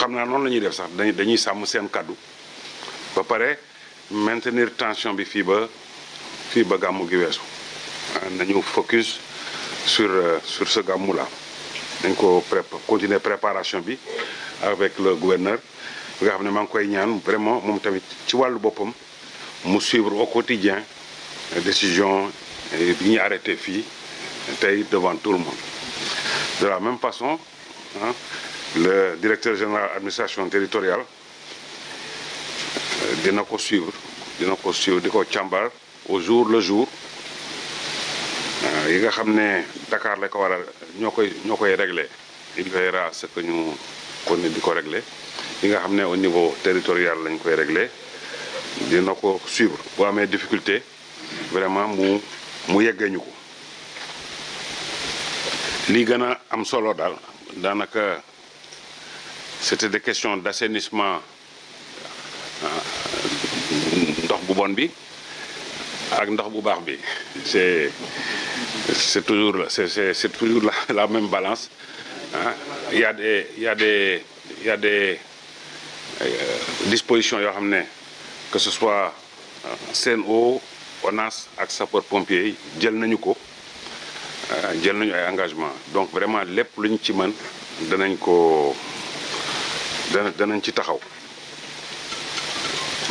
xam naa noonu la ñuy def sax dañuy dañuy sàmm seen kàddu ba pare maintenir tension bi fii ba fii ba gàmmu gi weesu ah, nañu focus sur euh, sur ce gàmmu là dañ ko prépa continuer préparation bi avec le gouverneur nga xam ne maa ngi koy ñaan vraiment moom tamit ci wàllu boppam mu suivre au quotidien décision bi ñu arrêté fii tey devant tout le monde de la même façon le directeur général administration territoriale euh, dina ko suivre dina ko suivre di ko càmbar au jour le jour euh, yi nga xam ne Dakar la ko war ñoo koy ñoo koy réglé il veillera à ce que ñu kon di ko réglé yi nga xam ne au niveau territorial lañ koy régle dina ko suivre boo amee difficulté vraiment mu mu yeggee ñu ko lii gën a am solo daal daanaka c'était des questions d'assainissement euh, ndox bu bon bi ak ndox bu baax bi c'est c'est toujours la toujours la la même balance ah y a des y euh, yoo xam ne que ce soit o euh, ONAS ak sapeur pompier jël nañu ko jël nañu ay engagement donc vraiment lépp luñ ci mën danañ ko dana danañ ci taxaw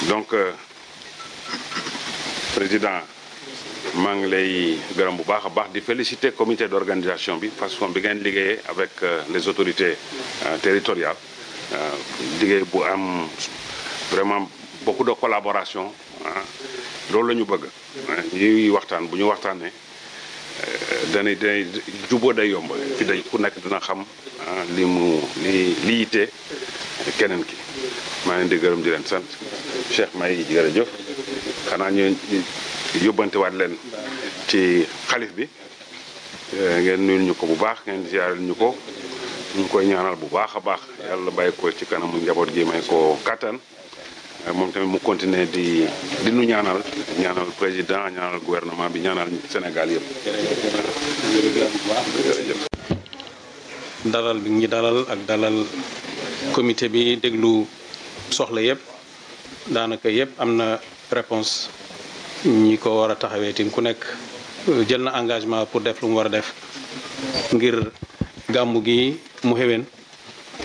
donc euh, président maa ngi lay gërëm bu baax a baax di féliciter comité d'organisation bi façon bi ngeen liggéeye avec euh, les autorités euh, territoriales liggéey bu am vraiment beaucoup de collaboration loolu la ñu bëgg ñuy waxtaan bu ñu waxtaanee danay danay juboo day yomb fi day ku nekk dana xam li mu li li yitte keneen ki maa leen di gërëm di leen sant Cheikh May jo xanaa ñu yóbbantewaat leen ci xalif bi eh, ngeen nuyu ñu ko bu baax ngeen ziaral ñu ko ñu koy ñaanal bu baax a baax yàlla bàyyi ko ci kanamu njaboot gi may ko kattan eh, moom tamit mu continuer di di nu ñaanal ñaanal président ñaanal gouvernement bi ñaanal Sénégal yëpp. dalal bi ñu dalal ak dalal. comité bi déglu soxla yëpp daanaka yëpp am na réponse ñi ko war a taxawee tim ku nekk euh, jël na engagement pour def lu mu war a def ngir gàmmu gi mu xewen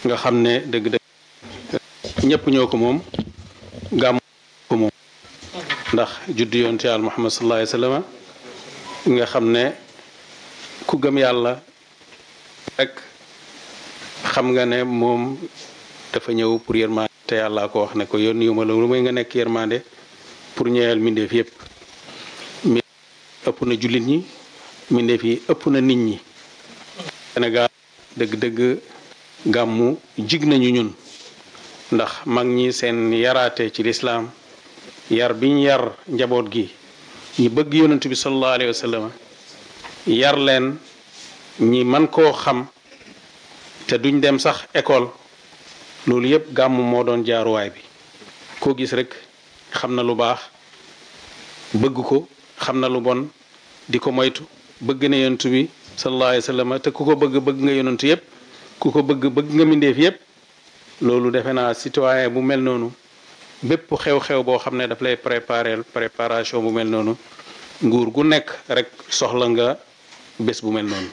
nga xam ne dëgg dëgg ñëpp ñoo ko moom gàmmu ko ndax juddu yonte yàlla muhammad sallallahu wa sallam nga xam ne ku gëm yàlla rek xam nga ne moom dafa ñëw pour yërmande te yàllaa ko wax ne ko yoon yu ma la lu may nga nekk yërmande pour ñëwal mbindeef yépp ëpp na jullit ñi mbindeef yi ëpp na nit ñi Sénégal dëgg-dëgg gàmmu jig nañu ñun ndax mag ñi seen yaraate ci lislaam yar biñ yar njaboot gi ñi bëgg yonent bi sallallahu alayhi wa sallam ñi man koo xam te duñ dem sax école loolu yëpp gàmmu moo doon jaaruwaay bi koo gis rek xam na lu baax bëgg ko xam na lu bon di ko moytu bëgg na yonent bi sallallahu alayhi wa sallam te ku ko bëgg bëgg nga yonent yëpp ku ko bëgg bëgg nga mindeef yëpp loolu defe naa citoyen bu mel noonu bépp xew-xew boo xam ne daf lay préparer préparation bu mel noonu nguur gu nekk rek soxla nga bés bu mel noonu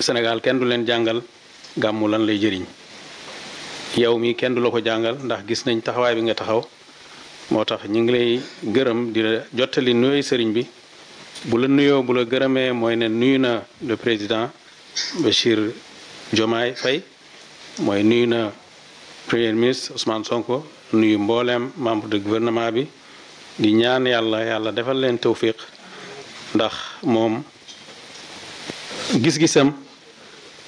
senegal kenn du leen jàngal gàmmu lan lay jëriñ yow mi kenn du la ko jàngal ndax gis nañ taxawaay bi nga taxaw moo tax ñu ngi lay gërëm di la jottali nuyooy sëriñ bi bu la nuyoo bu la gërëmee mooy ne nuyu na le président ba Bachir Diomaye Faye mooy nuyu na premier ministre Ousmane Sonko nuyu mbooleem membre de gouvernement bi di ñaan yàlla yàlla defal leen tawfiq ndax moom gis-gisam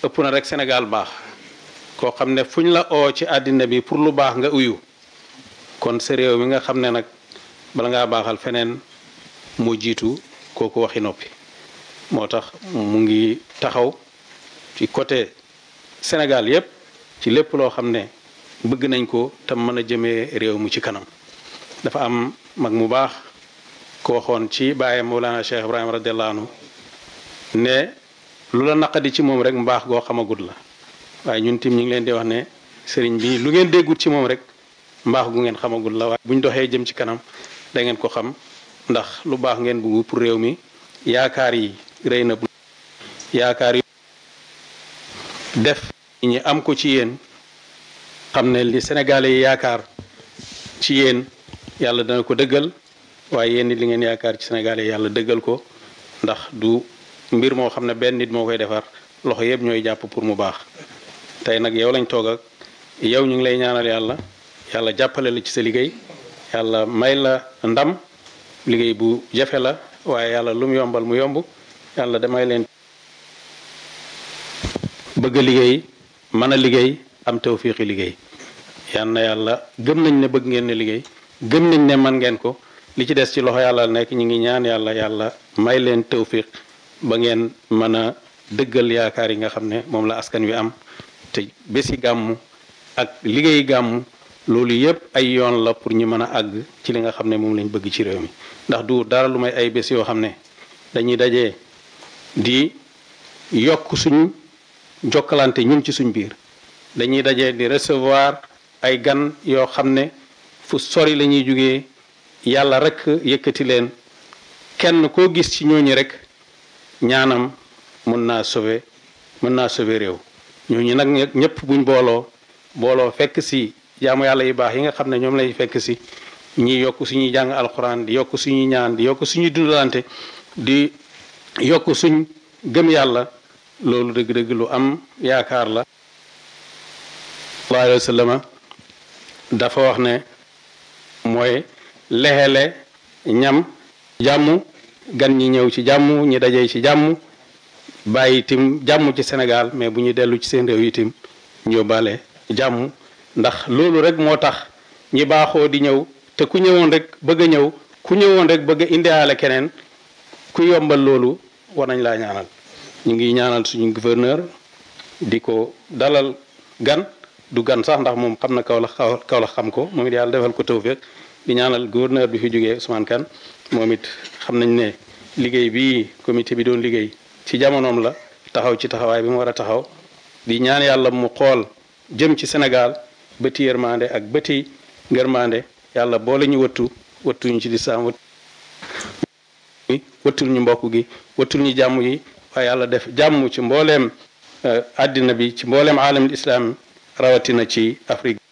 ëpp na rek Sénégal baax koo xam ne fuñ la o ci àddina bi pour lu baax nga uyu kon sa réew mi nga xam ne nag bala ngaa baaxal feneen moo jiitu kooku waxi noppi moo tax mu ngi taxaw ci côté Sénégal yépp ci lépp loo xam ne bëgg nañ ko tam mën a jëmee réew mu ci kanam dafa am mag mu baax ko waxoon ci bàyyam Mawlana Cheikh Ibrahima radiallahu anhu ne lu la naqadi ci moom rek mbaax goo xamagut la waaye ñun tim ñi ngi leen di wax ne sëriñ bi lu ngeen déggut ci moom rek mbaax gu ngeen xamagut la waaye ñu doxee jëm ci kanam da ngeen ko xam ndax lu baax ngeen bëggu pour réew mi yaakaar yi rëy na bu yaakaar yi def ñi am ko ci yéen xam ne li Sénégalais yi yaakaar ci yéen yàlla dana ko dëggal waaye yéen li ngeen yaakaar ci Sénégalais yi yàlla dëggal ko ndax mbir moo xam ne benn nit moo koy defar loxo yëpp ñooy jàpp pour mu baax tey nag yow lañ toog ak yow ñu ngi lay ñaanal yàlla yàlla jàppale la ci sa liggéey yàlla may la ndam liggéey bu jafe la waaye yàlla lu mu yombal mu yomb yàlla damay leen bëgg a liggéey mën a liggéey am tawfiqi liggéey yal na yàlla gëm nañ ne bëgg ngeen ne liggéey gëm nañ ne man ngeen ko li ci des ci loxo yàlla nekk ñu ngi ñaan yàlla yàlla may leen tew tawfiq ba ngeen mën a dëggal yaakaar yi nga xam ne moom la askan wi am te bési gàmmu ak liggéey gàmmu loolu yëpp ay yoon la pour ñu mën a àgg ci li nga xam ne moom lañ bëgg ci réew mi ndax du dara lu may ay bés yoo xam ne dañuy daje di yokk suñu jokkalante ñun ci suñ biir dañuy daje di recevoir ay gan yoo xam ne fu sori la ñuy jógee yàlla rek yëkkati leen kenn koo gis ci ñooñu rek ñaanam mun naa sauver mën naa sauver réew ñooñu nag ñëpp buñ booloo booloo fekk si jaamu yàlla yu baax yi nga xam ne ñoom lay fekk si ñi yokk suñuy jàng alxuraan di yokk suñuy ñaan di yokk suñuy dundalante di yokk suñ gëm yàlla loolu dëgg-dëgg lu am yaakaar la wa sallam dafa wax ne mooy lexele ñam jàmm gan ñi ñëw ci jàmm ñi dajee ci jàmm bàyyitim jàmm ci Sénégal mais bu ñu dellu ci seen réew itam ñu yóbbaale jàmm ndax loolu rek moo tax ñi baaxoo di ñëw te ku ñëwoon rek bëgg ñëw ku ñëwoon rek bëgg a indiwaale keneen ku yombal loolu war nañ laa ñaanal ñu ngi ñaanal suñu gouverneur di ko dalal gan du gan sax ndax moom xam na kaw la xaw kaw xam ko moom it yàlla defal ko tawfeex di ñaanal gouverneur bi fi jógee Ousmane Kane moom it xam nañ ne liggéey bi comité bi doon liggéey ci jamonoom la taxaw ci taxawaay bi mu war a taxaw di ñaan yàlla mu xool jëm ci senegal bëti yërmande ak bëti ngërmande yàlla boole ñu wëttu wëttuñu ci lislaam wëttul ñu mbokk gi wëttul ñu jàmm yi waaye yàlla def jàmm ci mbooleem eh, àddina bi ci mbooleem aalamul islaam rawatina ci Afrique